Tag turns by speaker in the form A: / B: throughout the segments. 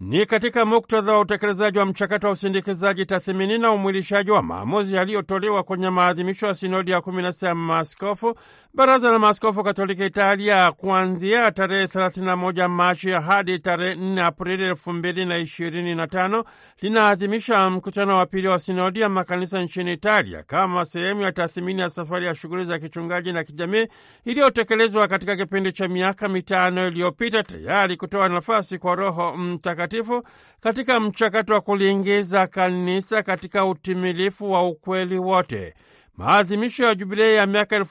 A: ni katika muktadha wa utekelezaji wa mchakato wa usindikizaji, tathimini na umwilishaji wa maamuzi yaliyotolewa kwenye maadhimisho ya sinodi ya kumi na sita ya maaskofu Baraza la Maaskofu katolika Italia kuanzia tarehe 31 Machi hadi tarehe 4 Aprili elfu na ishirini na tano linaadhimisha mkutano wa pili wa sinodi ya makanisa nchini Italia kama sehemu ya tathmini ya safari ya shughuli za kichungaji na kijamii iliyotekelezwa katika kipindi cha miaka mitano iliyopita, tayari kutoa nafasi kwa Roho Mtakatifu katika mchakato wa kuliingiza kanisa katika utimilifu wa ukweli wote. Maadhimisho ya jubilei ya miaka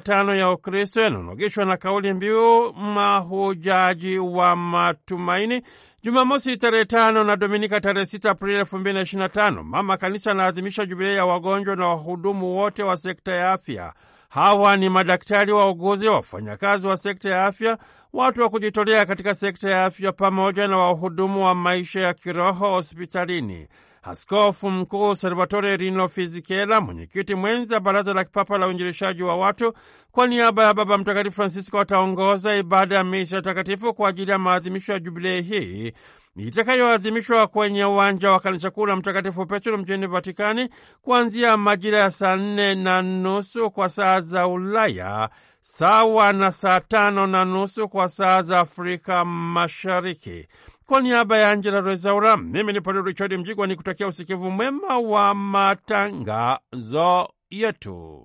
A: tano ya Ukristo yanaonogeshwa na kauli mbiu mahujaji wa matumaini, Jumamosi tarehe tano na Dominika tarehe sita Aprili tano Mama Kanisa anaadhimisha jubilei ya wagonjwa na wahudumu wote wa sekta ya afya. Hawa ni madaktari, wauguzi, wafanyakazi wa sekta ya afya, watu wa kujitolea katika sekta ya afya, pamoja na wahudumu wa maisha ya kiroho hospitalini. Askofu Mkuu Salvatore Rino Fizikela, mwenyekiti mwenza Baraza la Kipapa la Uinjilishaji wa Watu, kwa niaba ya Baba Mtakatifu Francisco ataongoza ibada ya misa takatifu kwa ajili ya maadhimisho ya jubilei hii itakayoadhimishwa kwenye uwanja wa kanisa kuu la Mtakatifu Petro mjini Vatikani kuanzia majira ya saa nne na nusu kwa saa za Ulaya sawa na saa tano na nusu kwa saa za Afrika Mashariki. Kwa niaba ya Angela Rezaura, mimi ni Padre Richard Mjigwa ni kutakia usikivu mwema wa matangazo yetu.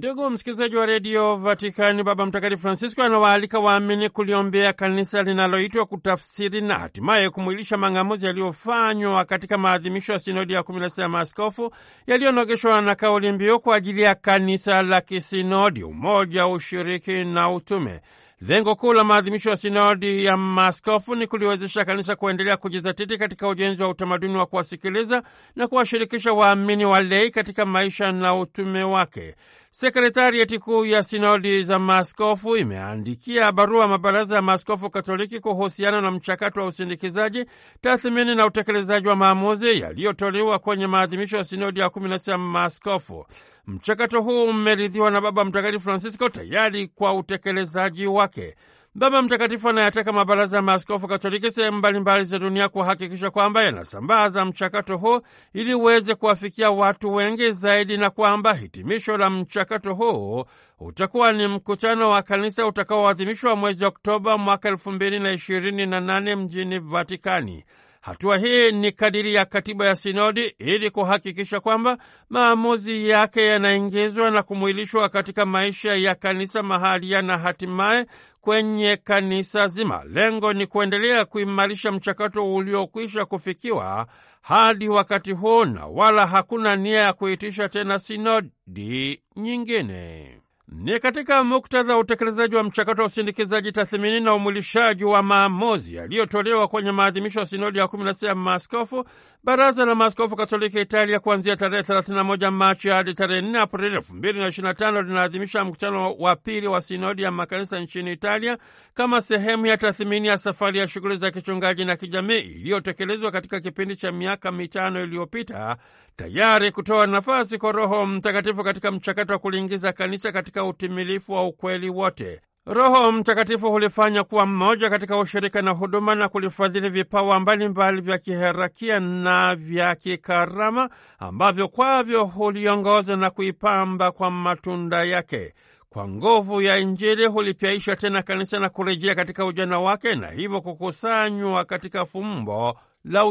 A: Ndugu msikilizaji wa redio Vatikani, Baba Mtakatifu Francisco anawaalika waamini kuliombea kanisa linaloitwa kutafsiri na hatimaye kumwilisha mang'amuzi yaliyofanywa katika maadhimisho ya sinodi ya kumi na sita ya maaskofu yaliyonogeshwa na kauli mbiu kwa ajili ya kanisa la kisinodi, umoja, ushiriki na utume. Lengo kuu la maadhimisho ya sinodi ya maskofu ni kuliwezesha kanisa kuendelea kujizatiti katika ujenzi wa utamaduni wa kuwasikiliza na kuwashirikisha waamini walei katika maisha na utume wake. Sekretarieti kuu ya sinodi za maskofu imeandikia barua mabaraza ya maskofu Katoliki kuhusiana na mchakato wa usindikizaji, tathmini na utekelezaji wa maamuzi yaliyotolewa kwenye maadhimisho ya sinodi ya kumi na sita maskofu Mchakato huu umeridhiwa na Baba Mtakatifu Francisco tayari kwa utekelezaji wake. Baba Mtakatifu anayataka mabaraza ya maaskofu Katoliki sehemu mbalimbali za dunia kuhakikisha kwamba yanasambaza mchakato huu ili uweze kuwafikia watu wengi zaidi, na kwamba hitimisho la mchakato huu utakuwa ni mkutano wa kanisa utakaoadhimishwa mwezi Oktoba mwaka elfu mbili na ishirini na nane mjini Vatikani. Hatua hii ni kadiri ya katiba ya sinodi ili kuhakikisha kwamba maamuzi yake yanaingizwa na kumwilishwa katika maisha ya kanisa mahalia na hatimaye kwenye kanisa zima. Lengo ni kuendelea kuimarisha mchakato uliokwisha kufikiwa hadi wakati huu na wala hakuna nia ya kuitisha tena sinodi nyingine. Ni katika muktadha wa utekelezaji wa mchakato wa usindikizaji, tathmini na umwilishaji wa maamuzi yaliyotolewa kwenye maadhimisho ya sinodi ya 16 ya maaskofu, baraza la maaskofu katoliki Italia kuanzia tarehe 31 Machi hadi tarehe 4 Aprili 2025 linaadhimisha mkutano wa pili wa sinodi ya makanisa nchini Italia kama sehemu ya tathmini ya safari ya shughuli za kichungaji na kijamii iliyotekelezwa katika kipindi cha miaka mitano iliyopita, tayari kutoa nafasi kwa Roho Mtakatifu katika mchakato wa kuliingiza kanisa katika katika utimilifu wa ukweli wote. Roho Mtakatifu hulifanya kuwa mmoja katika ushirika na huduma na kulifadhili vipawa mbalimbali vya kiherakia na vya kikarama ambavyo kwavyo huliongoza na kuipamba kwa matunda yake. Kwa nguvu ya Injili hulipyaisha tena kanisa na kurejea katika ujana wake na hivyo kukusanywa katika fumbo la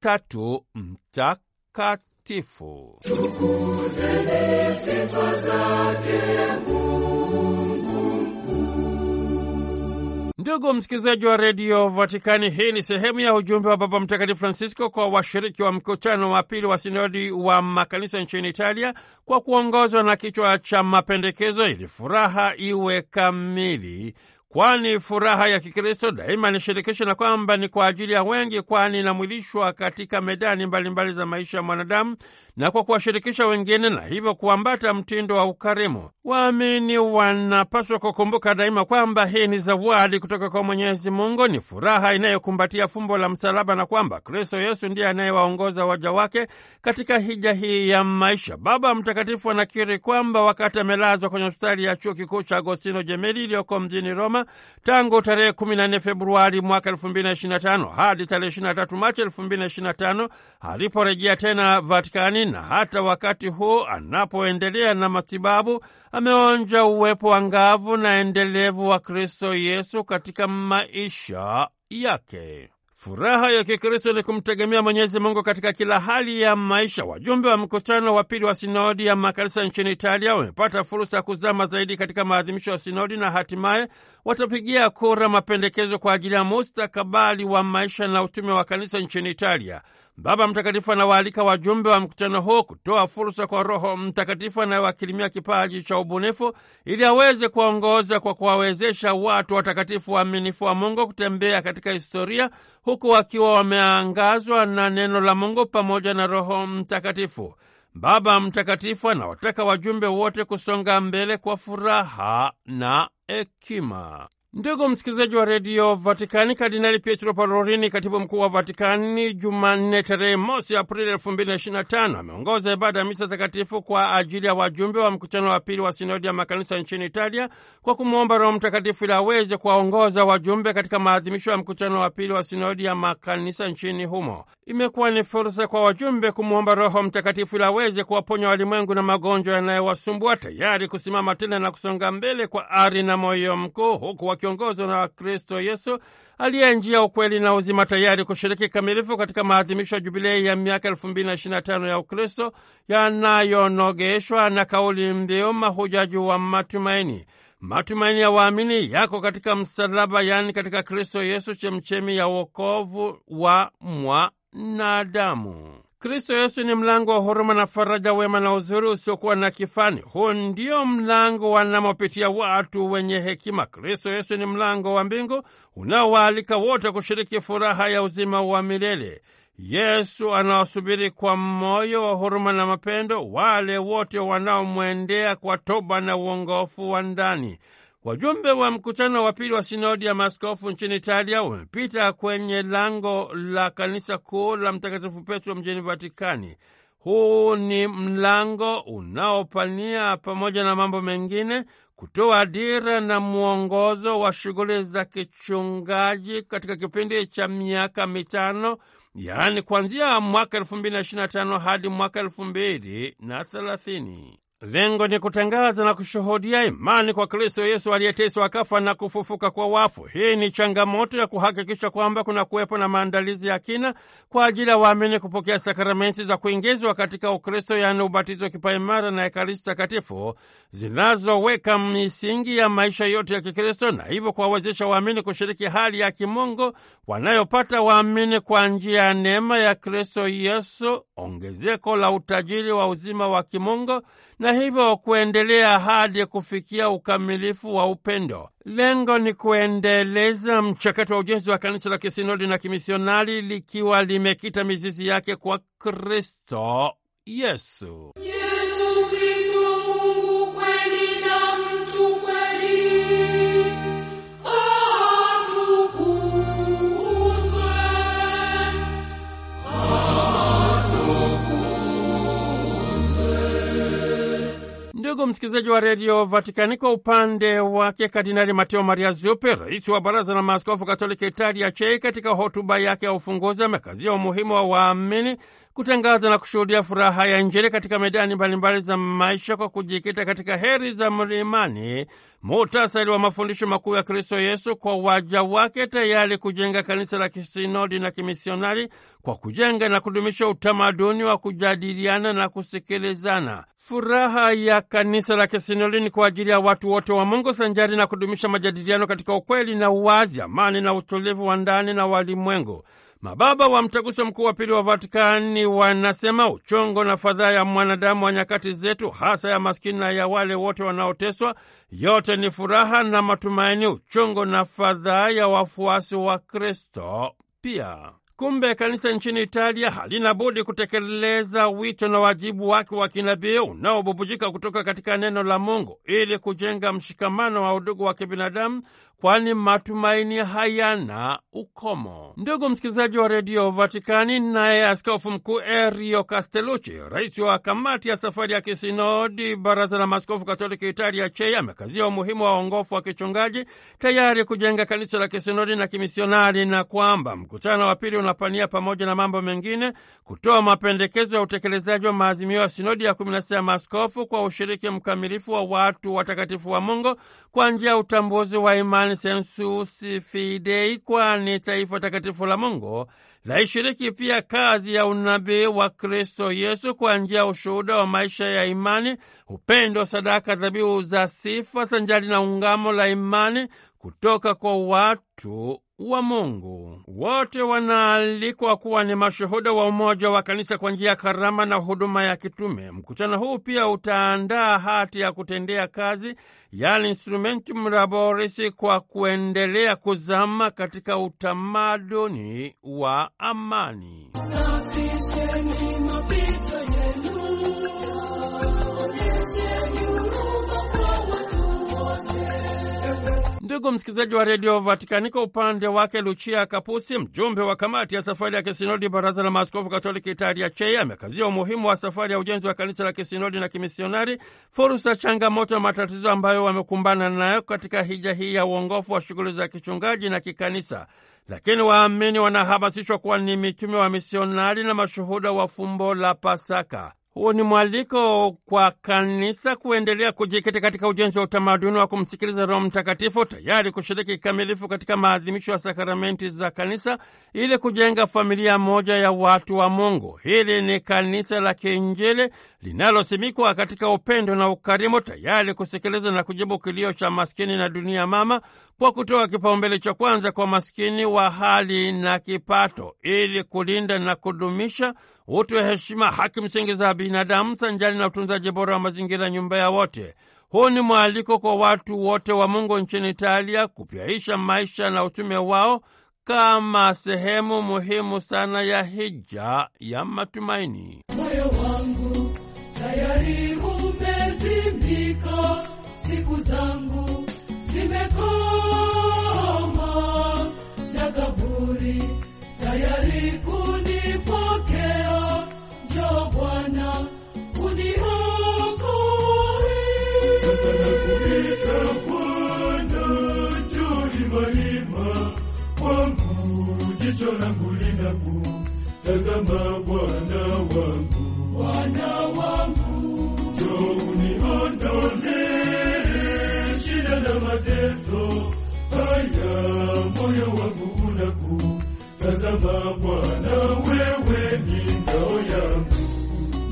A: Utatu Mtakatifu. Mtakatifu. Ndugu msikilizaji wa redio Vatikani, hii ni sehemu ya ujumbe wa Baba Mtakatifu Francisco kwa washiriki wa mkutano wa pili wa sinodi wa makanisa nchini Italia kwa kuongozwa na kichwa cha mapendekezo ili furaha iwe kamili kwani furaha ya Kikristo daima ni shirikisho na kwamba ni kwa ajili ya wengi, kwani inamwilishwa katika medani mbalimbali mbali za maisha ya mwanadamu na kwa kuwashirikisha wengine na hivyo kuambata mtindo wa ukarimu. Waamini wanapaswa kukumbuka daima kwamba hii ni zawadi kutoka kwa Mwenyezi Mungu, ni furaha inayokumbatia fumbo la msalaba na kwamba Kristo Yesu ndiye anayewaongoza waja wake katika hija hii ya maisha. Baba Mtakatifu anakiri kwamba wakati amelazwa kwenye hospitali ya chuo kikuu cha Agostino jemeli iliyoko mjini Roma tangu tarehe 14 Februari mwaka 2025 hadi tarehe 23 Machi 2025 aliporejea tena Vatikani na hata wakati huu anapoendelea na matibabu ameonja uwepo angavu na endelevu wa Kristo Yesu katika maisha yake. Furaha ya Kikristo ni kumtegemea Mwenyezi Mungu katika kila hali ya maisha. Wajumbe wa mkutano wa pili wa sinodi ya makanisa nchini Italia wamepata fursa ya kuzama zaidi katika maadhimisho ya sinodi na hatimaye watapigia kura mapendekezo kwa ajili ya mustakabali wa maisha na utume wa kanisa nchini Italia. Baba Mtakatifu anawaalika wajumbe wa mkutano huu kutoa fursa kwa Roho Mtakatifu anayewakilimia kipaji cha ubunifu ili aweze kuwaongoza kwa kuwawezesha watu watakatifu waaminifu wa Mungu kutembea katika historia huku wakiwa wameangazwa na neno la Mungu pamoja na Roho Mtakatifu. Baba Mtakatifu anawataka wajumbe wote kusonga mbele kwa furaha na hekima. Ndugu msikilizaji wa redio Vatikani, Kardinali Pietro Parolini, katibu mkuu wa Vatikani, Jumanne tarehe mosi Aprili elfu mbili na ishirini na tano ameongoza ibada ya misa takatifu kwa ajili ya wajumbe wa mkutano wa pili wa sinodi ya makanisa nchini Italia kwa kumwomba Roho Mtakatifu ili aweze kuwaongoza wajumbe katika maadhimisho ya mkutano wa pili wa sinodi ya makanisa nchini humo. Imekuwa ni fursa kwa wajumbe kumwomba Roho Mtakatifu ili aweze kuwaponya walimwengu na magonjwa yanayowasumbua, tayari kusimama tena na kusonga mbele kwa ari na moyo mkuu huku akiongozwa na Kristo Yesu aliye njia, ukweli na uzima, tayari kushiriki kamilifu katika maadhimisho ya jubilei ya miaka elfu mbili na tano ya Ukristo yanayonogeshwa na kauli mbiu mahujaji wa matumaini. Matumaini ya waamini yako katika msalaba, yaani katika Kristo Yesu, chemchemi ya wokovu wa mwanadamu. Kristo Yesu ni mlango wa huruma na faraja, wema na uzuri usiokuwa na kifani. Huu ndio mlango wanamopitia watu wenye hekima. Kristo Yesu ni mlango wa mbingu unaowaalika wote kushiriki furaha ya uzima wa milele. Yesu anawasubiri kwa moyo wa huruma na mapendo wale wote wanaomwendea kwa toba na uongofu wa ndani. Wajumbe wa mkutano wa pili wa sinodi ya maaskofu nchini Italia wamepita kwenye lango la kanisa kuu la Mtakatifu Petro mjini Vatikani. Huu ni mlango unaopania pamoja na mambo mengine kutoa dira na mwongozo wa shughuli za kichungaji katika kipindi cha miaka mitano, yaani kuanzia mwaka elfu mbili na ishirini na tano hadi mwaka elfu mbili na thelathini. Lengo ni kutangaza na kushuhudia imani kwa Kristo Yesu aliyeteswa akafa na kufufuka kwa wafu. Hii ni changamoto ya kuhakikisha kwamba kuna kuwepo na maandalizi ya kina kwa ajili ya waamini kupokea sakramenti za kuingizwa katika Ukristo, yaani ubatizo, kipaimara na Ekaristi Takatifu, zinazoweka misingi ya maisha yote ya Kikristo na hivyo kuwawezesha waamini kushiriki hali ya kimungu wanayopata waamini kwa njia ya neema ya Kristo Yesu, ongezeko la utajiri wa uzima wa kimungu na hivyo kuendelea hadi kufikia ukamilifu wa upendo. Lengo ni kuendeleza mchakato wa ujenzi wa kanisa la kisinodi na kimisionari likiwa limekita mizizi yake kwa Kristo Yesu. Ndugu msikilizaji wa redio Vatikani, kwa upande wake Kardinali Mateo Maria Zupe, rais wa baraza la maaskofu katolika Italia CHEI, katika hotuba yake ya ufunguzi amekazia umuhimu wa waamini kutangaza na kushuhudia furaha ya Injili katika medani mbalimbali za maisha kwa kujikita katika heri za mlimani, muhtasari wa mafundisho makuu ya Kristo Yesu kwa waja wake, tayari kujenga kanisa la kisinodi na kimisionari kwa kujenga na kudumisha utamaduni wa kujadiliana na kusikilizana. Furaha ya kanisa la kisinodi ni kwa ajili ya watu wote wa Mungu sanjari na kudumisha majadiliano katika ukweli na uwazi, amani na utulivu wa ndani na walimwengu. Mababa wa Mtaguso Mkuu wa Pili wa Vatikani wanasema uchongo na fadhaa ya mwanadamu wa nyakati zetu, hasa ya maskini na ya wale wote wanaoteswa, yote ni furaha na matumaini, uchongo na fadhaa ya wafuasi wa Kristo pia Kumbe kanisa nchini Italia halina budi kutekeleza wito na wajibu wake wa kinabii unaobubujika kutoka katika neno la Mungu ili kujenga mshikamano wa udugu wa kibinadamu kwani matumaini hayana ukomo. Ndugu msikilizaji wa redio Vatikani, naye askofu mkuu Erio Castelucci, rais wa kamati ya safari ya kisinodi baraza la maskofu katoliki Italia CHEI, amekazia umuhimu wa uongofu wa kichungaji tayari kujenga kanisa la kisinodi na kimisionari, na kwamba mkutano wa pili unapania pamoja na mambo mengine kutoa mapendekezo ya utekelezaji wa maazimio ya sinodi ya kumi na sita ya maskofu kwa ushiriki mkamilifu wa watu watakatifu wa Mungu kwa njia ya utambuzi wa imani Consensus Fidei, kwani taifa takatifu la Mungu laishiriki pia kazi ya unabii wa Kristo Yesu kwa njia ya ushuhuda wa maisha ya imani, upendo, sadaka, dhabihu za sifa sanjari na ungamo la imani kutoka kwa watu wa Mungu. Wote wanaalikwa kuwa ni mashuhuda wa umoja wa kanisa kwa njia ya karama na huduma ya kitume. Mkutano huu pia utaandaa hati ya kutendea kazi, yaani instrumentum laborisi, kwa kuendelea kuzama katika utamaduni wa amani. Ndugu msikilizaji wa redio Vatikani, kwa upande wake Luchia Kapusi, mjumbe wa kamati ya safari ya kisinodi baraza la maaskofu katoliki Italia CHEI, amekazia umuhimu wa safari ya ujenzi wa kanisa la kisinodi na kimisionari, fursa, changamoto na matatizo ambayo wamekumbana nayo katika hija hii ya uongofu wa shughuli za kichungaji na kikanisa. Lakini waamini wanahamasishwa kuwa ni mitume wa misionari na mashuhuda wa fumbo la Pasaka. Huu ni mwaliko kwa kanisa kuendelea kujikita katika ujenzi wa utamaduni wa kumsikiliza Roho Mtakatifu, tayari kushiriki kikamilifu katika maadhimisho ya sakramenti za kanisa ili kujenga familia moja ya watu wa Mungu. Hili ni kanisa la kiinjili linalosimikwa katika upendo na ukarimu, tayari kusikiliza na kujibu kilio cha maskini na dunia mama, kwa kutoa kipaumbele cha kwanza kwa maskini wa hali na kipato, ili kulinda na kudumisha utu, heshima, haki msingi za binadamu sanjali na utunzaji bora wa mazingira, nyumba ya wote. Huu ni mwaliko kwa watu wote wa Mungu nchini Italia kupyaisha maisha na utume wao kama sehemu muhimu sana ya hija ya matumaini.
B: Moyo wangu tayari umezimika, siku zangu zimekoma na kaburi tayari ku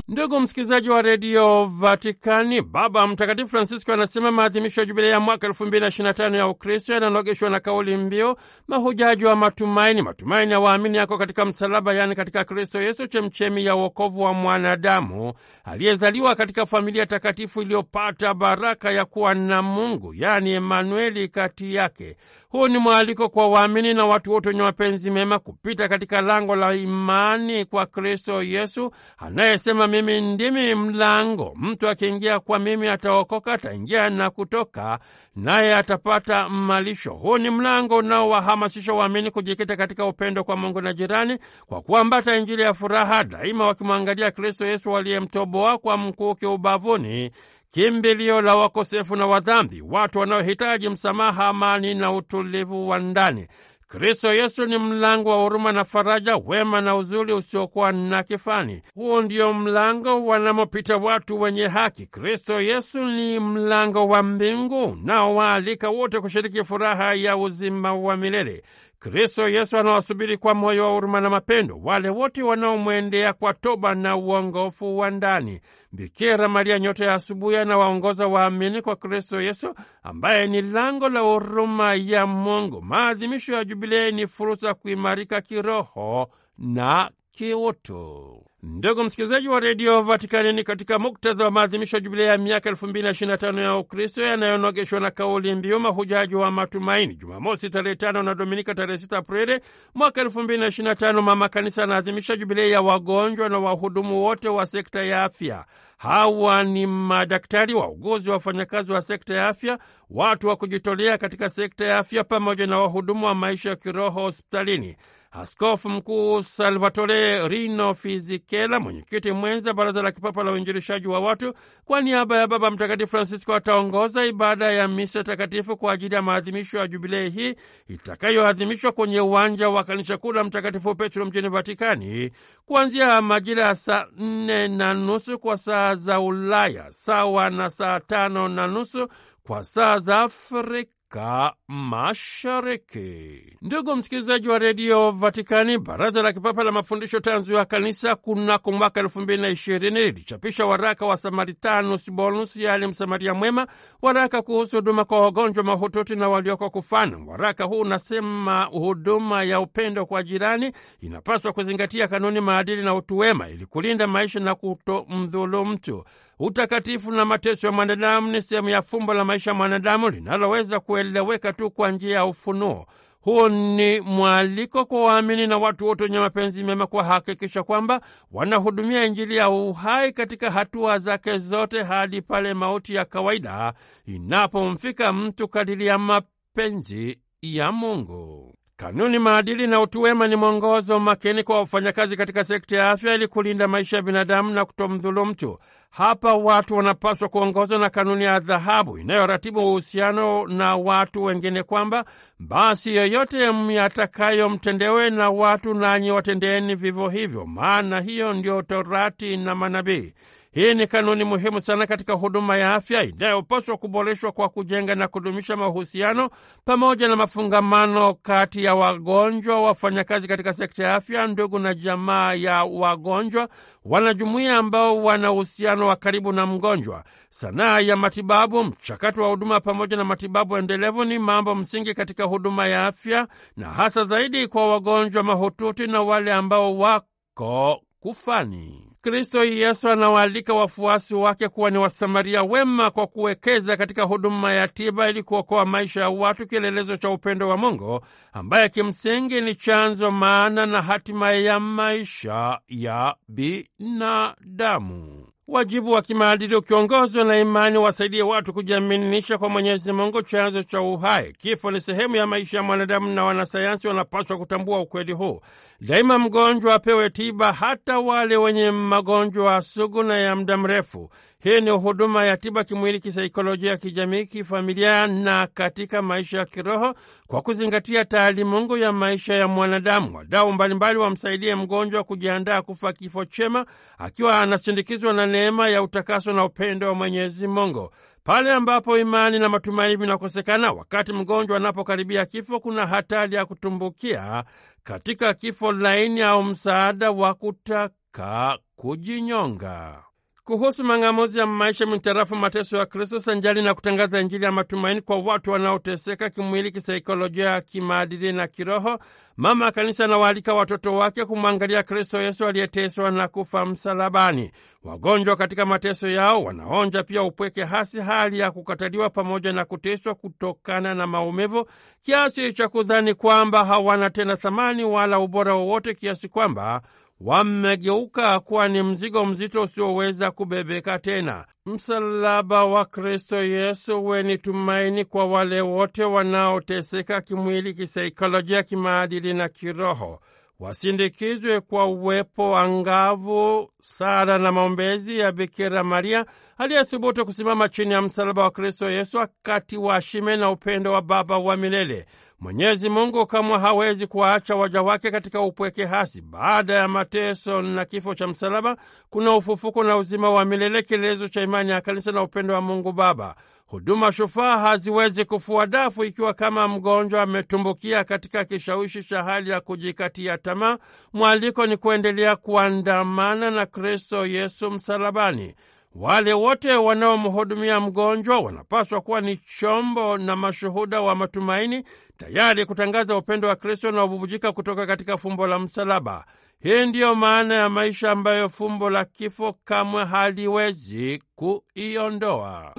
A: Ndugu msikilizaji wa redio Vatikani, Baba Mtakatifu Francisco anasema maadhimisho ya jubilei ya mwaka elfu mbili na ishirini na tano ya Ukristo yananogeshwa na kauli mbiu mahujaji wa matumaini. Matumaini ya waamini yako katika msalaba, yaani katika Kristo Yesu, chemchemi ya uokovu wa mwanadamu aliyezaliwa katika familia takatifu iliyopata baraka ya kuwa na Mungu, yaani Emanueli, kati yake. Huu ni mwaliko kwa waamini na watu wote wenye mapenzi mema kupita katika lango la imani kwa Kristo Yesu anayesema, mimi ndimi mlango, mtu akiingia kwa mimi ataokoka, ataingia na kutoka, naye atapata malisho. Huu ni mlango unaowahamasisha waamini kujikita katika upendo kwa Mungu na jirani, kwa kuambata Injili ya furaha daima, wakimwangalia Kristo Yesu waliyemtoboa kwa mkuki ubavuni kimbilio la wakosefu na wadhambi, watu wanaohitaji msamaha, amani na utulivu wa ndani. Kristo Yesu ni mlango wa huruma na faraja, wema na uzuri usiokuwa na kifani. Huo ndio mlango wanamopita watu wenye haki. Kristo Yesu ni mlango wa mbingu, nao waalika wote kushiriki furaha ya uzima wa milele. Kristo Yesu anawasubiri kwa moyo wa huruma na mapendo wale wote wanaomwendea kwa toba na uongofu wa ndani. Bikira Maria, nyota ya asubuhi, anawaongoza waamini kwa Kristo Yesu ambaye ni lango la huruma ya Mungu. Maadhimisho ya Jubilei ni fursa ya kuimarika kiroho na kiutu. Ndugu msikilizaji wa redio ni katika muktadha wa maadhimisho ya jubilia ya miaka 2025 ya Ukristo yanayonogeshwa na kauli mbiu mahujaji wa matumaini, Jumamosi tarehe 5 na Dominika tarehe 6 Aprili mwaka 2025, mama kanisa anaadhimisha jubilia ya wagonjwa na wahudumu wote wa sekta ya afya. Hawa ni madaktari, wauguzi, wafanyakazi wa sekta ya afya, watu wa kujitolea katika sekta ya afya, pamoja na wahudumu wa maisha ya kiroho hospitalini. Askofu Mkuu Salvatore Rino Fizikela, mwenyekiti mwenza Baraza la Kipapa la Uinjilishaji wa Watu, kwa niaba ya Baba Mtakatifu Francisco ataongoza ibada ya misa takatifu kwa ajili ya maadhimisho ya jubilei hii itakayoadhimishwa kwenye uwanja wa kanisa kuu la Mtakatifu Petro mjini Vatikani kuanzia majira ya saa nne na nusu kwa saa za Ulaya sawa na saa tano na nusu kwa saa za Afrika Afrika Mashariki. Ndugu msikilizaji wa redio Vatikani, baraza la kipapa la mafundisho tanzu ya kanisa kunako mwaka elfu mbili na ishirini lilichapisha waraka wa Samaritanus Bonus, yaani msamaria mwema, waraka kuhusu huduma kwa wagonjwa mahututi na walioko kufana. Waraka huu unasema huduma ya upendo kwa jirani inapaswa kuzingatia kanuni, maadili na utu wema, ili kulinda maisha na kutomdhulu mtu. Utakatifu na mateso ya mwanadamu ni sehemu ya fumbo la maisha ya mwanadamu linaloweza kueleweka tu kwa njia ya ufunuo. Huo ni mwaliko kwa waamini na watu wote wenye mapenzi mema kuhakikisha kwamba wanahudumia Injili ya uhai katika hatua zake zote hadi pale mauti ya kawaida inapomfika mtu kadiri ya mapenzi ya Mungu. Kanuni, maadili na utu wema ni mwongozo makini kwa wafanyakazi katika sekta ya afya ili kulinda maisha ya binadamu na kutomdhulu mtu. Hapa watu wanapaswa kuongozwa na kanuni ya dhahabu inayoratibu uhusiano na watu wengine, kwamba basi yoyote myatakayomtendewe na watu nanyi watendeeni vivyo hivyo, maana hiyo ndio torati na manabii. Hii ni kanuni muhimu sana katika huduma ya afya inayopaswa kuboreshwa kwa kujenga na kudumisha mahusiano pamoja na mafungamano kati ya wagonjwa, wafanyakazi katika sekta ya afya, ndugu na jamaa ya wagonjwa, wanajumuiya ambao wana uhusiano wa karibu na mgonjwa. Sanaa ya matibabu, mchakato wa huduma pamoja na matibabu endelevu ni mambo msingi katika huduma ya afya, na hasa zaidi kwa wagonjwa mahututi na wale ambao wako kufani. Kristo Yesu anawaalika wafuasi wake kuwa ni wasamaria wema kwa kuwekeza katika huduma ya tiba ili kuokoa maisha ya watu, kielelezo cha upendo wa Mungu ambaye kimsingi ni chanzo, maana na hatima ya maisha ya binadamu. Wajibu wa kimaadili ukiongozwa na imani wasaidie watu kujiaminisha kwa Mwenyezi Mungu, chanzo cha uhai. Kifo ni sehemu ya maisha ya mwanadamu na wanasayansi wanapaswa kutambua ukweli huu. Daima mgonjwa apewe tiba, hata wale wenye magonjwa sugu na ya muda mrefu. Hii ni huduma ya tiba kimwili, kisaikolojia, kijamii, kifamilia na katika maisha ya kiroho, kwa kuzingatia taalimungu ya maisha ya mwanadamu. Wadau mbalimbali wamsaidie mgonjwa kujiandaa kufa kifo chema, akiwa anasindikizwa na neema ya utakaso na upendo wa Mwenyezi Mungu. Pale ambapo imani na matumaini vinakosekana, wakati mgonjwa anapokaribia kifo, kuna hatari ya kutumbukia katika kifo laini au msaada wa kutaka kujinyonga kuhusu mang'amuzi ya maisha mitarafu mateso ya Kristo sanjali na kutangaza Injili ya matumaini kwa watu wanaoteseka kimwili, kisaikolojia, kimaadili na kiroho. Mama Kanisa anawaalika watoto wake kumwangalia Kristo Yesu aliyeteswa na kufa msalabani. Wagonjwa katika mateso yao wanaonja pia upweke hasi, hali ya kukataliwa pamoja na kuteswa kutokana na maumivu, kiasi cha kudhani kwamba hawana tena thamani wala ubora wowote, kiasi kwamba wamegeuka kuwa ni mzigo mzito usioweza kubebeka tena. Msalaba wa Kristo Yesu weni ni tumaini kwa wale wote wanaoteseka kimwili, kisaikolojia, kimaadili na kiroho. Wasindikizwe kwa uwepo angavu, sala na maombezi ya Bikira Maria aliyethubutu kusimama chini ya msalaba wa Kristo Yesu, akati wa shime na upendo wa Baba wa milele. Mwenyezi Mungu kamwe hawezi kuwaacha waja wake katika upweke hasi. Baada ya mateso na kifo cha msalaba, kuna ufufuko na uzima wa milele, kielelezo cha imani ya kanisa na upendo wa Mungu Baba. Huduma shufaa haziwezi kufua dafu ikiwa kama mgonjwa ametumbukia katika kishawishi cha hali ya kujikatia tamaa. Mwaliko ni kuendelea kuandamana na Kristo Yesu msalabani. Wale wote wanaomhudumia mgonjwa wanapaswa kuwa ni chombo na mashuhuda wa matumaini tayari kutangaza upendo wa Kristo na ububujika kutoka katika fumbo la msalaba. Hii ndiyo maana ya maisha ambayo fumbo la kifo kamwe haliwezi kuiondoa.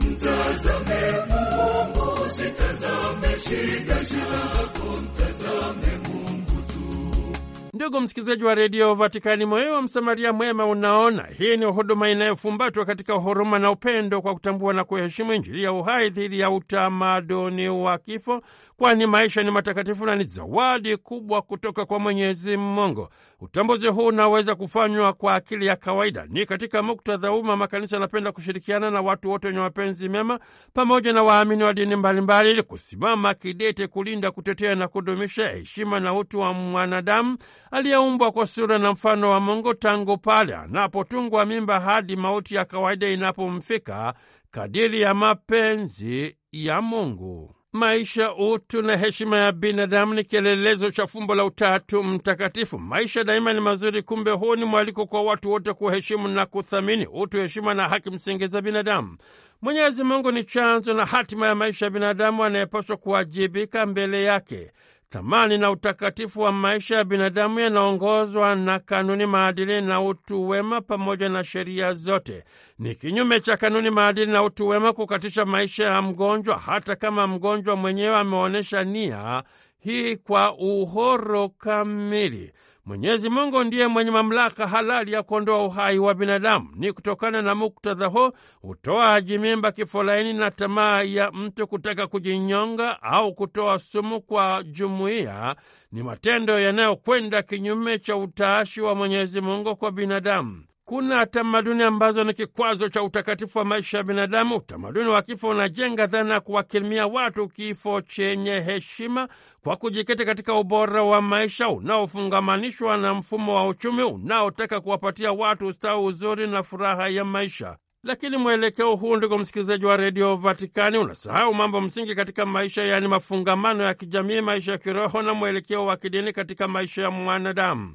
A: Ndugu msikilizaji wa redio Vatikani, moyo wa Msamaria mwema unaona, hii ni huduma inayofumbatwa katika huruma na upendo, kwa kutambua na kuheshimu Injili ya uhai dhidi ya utamaduni wa kifo, kwani maisha ni matakatifu na ni zawadi kubwa kutoka kwa Mwenyezi Mungu. Utambuzi huu unaweza kufanywa kwa akili ya kawaida. Ni katika muktadha umma, makanisa anapenda kushirikiana na watu wote wenye mapenzi mema pamoja na waamini wa dini mbalimbali, ili kusimama kidete kulinda, kutetea na kudumisha heshima na utu wa mwanadamu aliyeumbwa kwa sura na mfano wa Mungu tangu pale anapotungwa mimba hadi mauti ya kawaida inapomfika kadiri ya mapenzi ya Mungu. Maisha, utu na heshima ya binadamu ni kielelezo cha fumbo la Utatu Mtakatifu. Maisha daima ni mazuri, kumbe huu ni mwaliko kwa watu wote kuheshimu na kuthamini utu, heshima na haki msingi za binadamu. Mwenyezi Mungu ni chanzo na hatima ya maisha ya binadamu anayepaswa kuwajibika mbele yake thamani na utakatifu wa maisha ya binadamu yanaongozwa na kanuni, maadili na utu wema pamoja na sheria zote. Ni kinyume cha kanuni, maadili na utu wema kukatisha maisha ya mgonjwa, hata kama mgonjwa mwenyewe ameonyesha nia hii kwa uhoro kamili. Mwenyezi Mungu ndiye mwenye mamlaka halali ya kuondoa uhai wa binadamu. Ni kutokana na muktadha huo utoaji mimba, kifolaini na tamaa ya mtu kutaka kujinyonga au kutoa sumu kwa jumuiya ni matendo yanayokwenda kinyume cha utaashi wa Mwenyezi Mungu kwa binadamu. Kuna tamaduni ambazo ni kikwazo cha utakatifu wa maisha ya binadamu. Utamaduni wa kifo unajenga dhana ya kuwakirimia watu kifo chenye heshima kwa kujikita katika ubora wa maisha unaofungamanishwa na mfumo wa uchumi unaotaka kuwapatia watu ustawi, uzuri na furaha ya maisha. Lakini mwelekeo huu, ndugu msikilizaji wa redio Vatikani, unasahau mambo msingi katika maisha, yaani mafungamano ya kijamii, maisha ya kiroho na mwelekeo wa kidini katika maisha ya mwanadamu.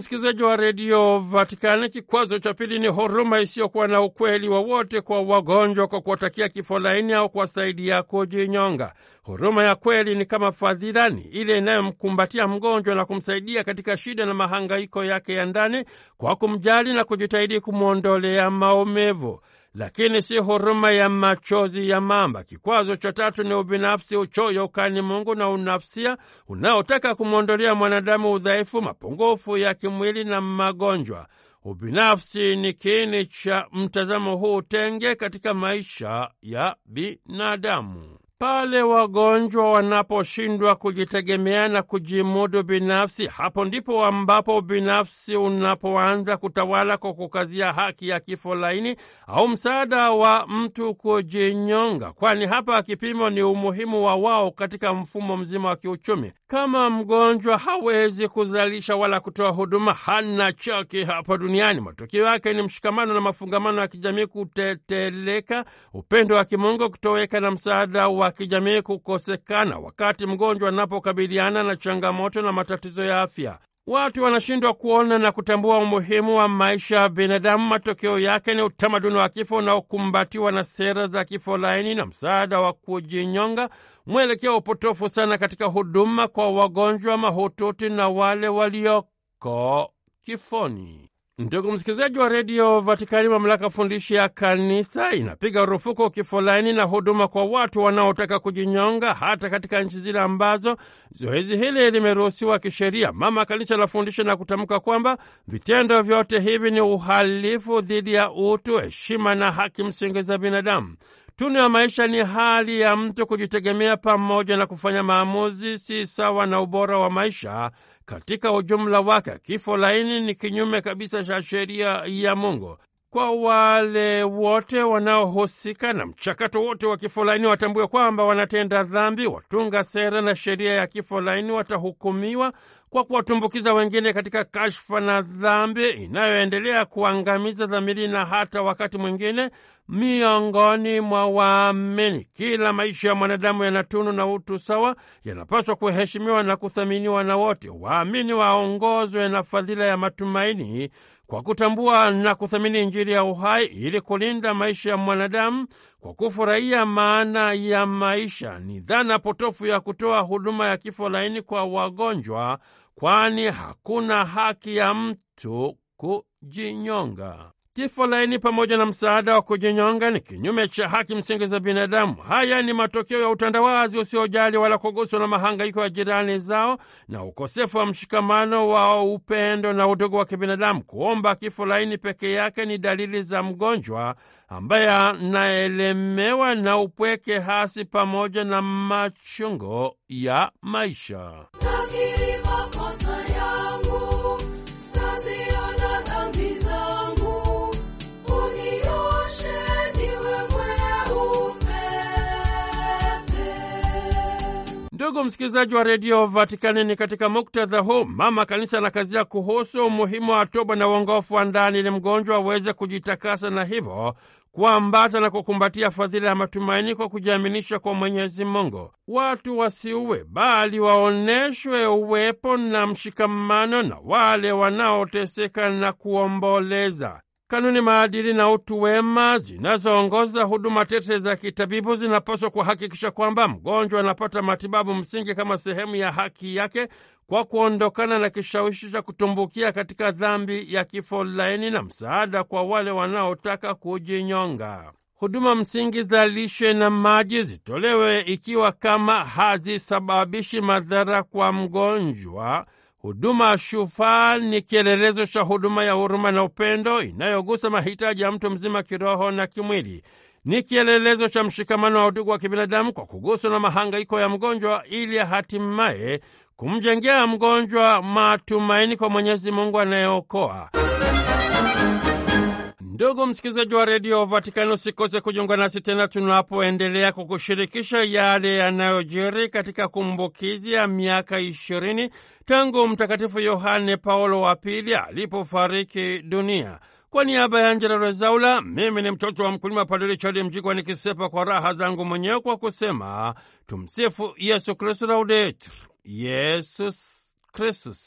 A: msikilizaji wa redio Vatikani, kikwazo cha pili ni huruma isiyokuwa na ukweli wowote kwa wagonjwa, kwa kuwatakia kifo laini au kuwasaidia kujinyonga. Huruma ya kweli ni kama fadhilani ile inayomkumbatia mgonjwa na kumsaidia katika shida na mahangaiko yake ya ndani, kwa kumjali na kujitahidi kumwondolea maumivu lakini si huruma ya machozi ya mamba. Kikwazo cha tatu ni ubinafsi, uchoyo, ukani Mungu na unafsia unaotaka kumwondolea mwanadamu udhaifu, mapungufu ya kimwili na magonjwa. Ubinafsi ni kiini cha mtazamo huu tenge katika maisha ya binadamu. Pale wagonjwa wanaposhindwa kujitegemea na kujimudu binafsi, hapo ndipo ambapo binafsi unapoanza kutawala kwa kukazia haki ya kifo laini au msaada wa mtu kujinyonga, kwani hapa kipimo ni umuhimu wa wao katika mfumo mzima wa kiuchumi. Kama mgonjwa hawezi kuzalisha wala kutoa huduma, hana choki hapo duniani. Matokeo yake ni mshikamano na mafungamano ya kijamii kuteteleka, upendo wa kimungu kutoweka na msaada wa kijamii kukosekana, wakati mgonjwa anapokabiliana na changamoto na matatizo ya afya. Watu wanashindwa kuona na kutambua umuhimu wa maisha ya binadamu. Matokeo yake ni utamaduni wa kifo unaokumbatiwa na sera za kifo laini na msaada wa kujinyonga mwelekeo potofu sana katika huduma kwa wagonjwa mahututi na wale walioko kifoni. Ndugu msikilizaji wa redio Vatikani, mamlaka fundishi ya kanisa inapiga rufuku kifolaini na huduma kwa watu wanaotaka kujinyonga, hata katika nchi zile ambazo zoezi hili limeruhusiwa kisheria. Mama Kanisa anafundisha na kutamka kwamba vitendo vyote hivi ni uhalifu dhidi ya utu, heshima na haki msingi za binadamu. Tunu ya maisha ni hali ya mtu kujitegemea pamoja na kufanya maamuzi, si sawa na ubora wa maisha katika ujumla wake. Kifo laini ni kinyume kabisa cha sheria ya Mungu. Kwa wale wote wanaohusika na mchakato wote wa kifo laini watambue kwamba wanatenda dhambi. Watunga sera na sheria ya kifo laini watahukumiwa kwa kuwatumbukiza wengine katika kashfa na dhambi inayoendelea kuangamiza dhamiri na hata wakati mwingine miongoni mwa waamini. Kila maisha ya mwanadamu yana tunu na utu sawa, yanapaswa kuheshimiwa na kuthaminiwa na wote. Waamini waongozwe na fadhila ya matumaini kwa kutambua na kuthamini Injili ya uhai ili kulinda maisha ya mwanadamu kwa kufurahia maana ya maisha. Ni dhana potofu ya kutoa huduma ya kifo laini kwa wagonjwa, kwani hakuna haki ya mtu kujinyonga. Kifo laini pamoja na msaada wa kujinyonga ni kinyume cha haki msingi za binadamu. Haya ni matokeo ya utandawazi usiojali wala kuguswa na mahangaiko ya jirani zao na ukosefu wa mshikamano wa upendo na udugu wa kibinadamu. Kuomba kifo laini peke yake ni dalili za mgonjwa ambaye anaelemewa na upweke hasi pamoja na machungo ya maisha. Ndugu msikilizaji wa redio Vatikani, ni katika muktadha huu mama kanisa anakazia kuhusu umuhimu wa toba na uongofu wa ndani ili mgonjwa aweze kujitakasa na hivyo kuambata na kukumbatia fadhila ya matumaini kwa kujiaminisha kwa Mwenyezi Mungu. Watu wasiuwe, bali waoneshwe uwepo na mshikamano na wale wanaoteseka na kuomboleza kanuni, maadili na utu wema zinazoongoza huduma tete za kitabibu zinapaswa kuhakikisha kwamba mgonjwa anapata matibabu msingi kama sehemu ya haki yake kwa kuondokana na kishawishi cha kutumbukia katika dhambi ya kifo laini na msaada kwa wale wanaotaka kujinyonga. Huduma msingi za lishe na maji zitolewe ikiwa kama hazisababishi madhara kwa mgonjwa Huduma shufaa ni kielelezo cha huduma ya huruma na upendo inayogusa mahitaji ya mtu mzima kiroho na kimwili. Ni kielelezo cha mshikamano wa udugu wa kibinadamu kwa kuguswa na mahangaiko ya mgonjwa, ili hatimaye kumjengea mgonjwa matumaini kwa Mwenyezi Mungu anayeokoa. Ndugu msikilizaji wa redio Vatikani, usikose kujiunga nasi tena tunapoendelea kukushirikisha yale yanayojiri katika kumbukizi ya miaka ishirini tangu Mtakatifu Yohane Paulo wa Pili alipofariki dunia. Kwa niaba ya Angela Rezaula, mimi ni mtoto wa mkulima Padri Chadi Mjigwa, nikisepa kwa raha zangu mwenyewe kwa kusema tumsifu Yesu Kristu, laudetur Yesus Kristus.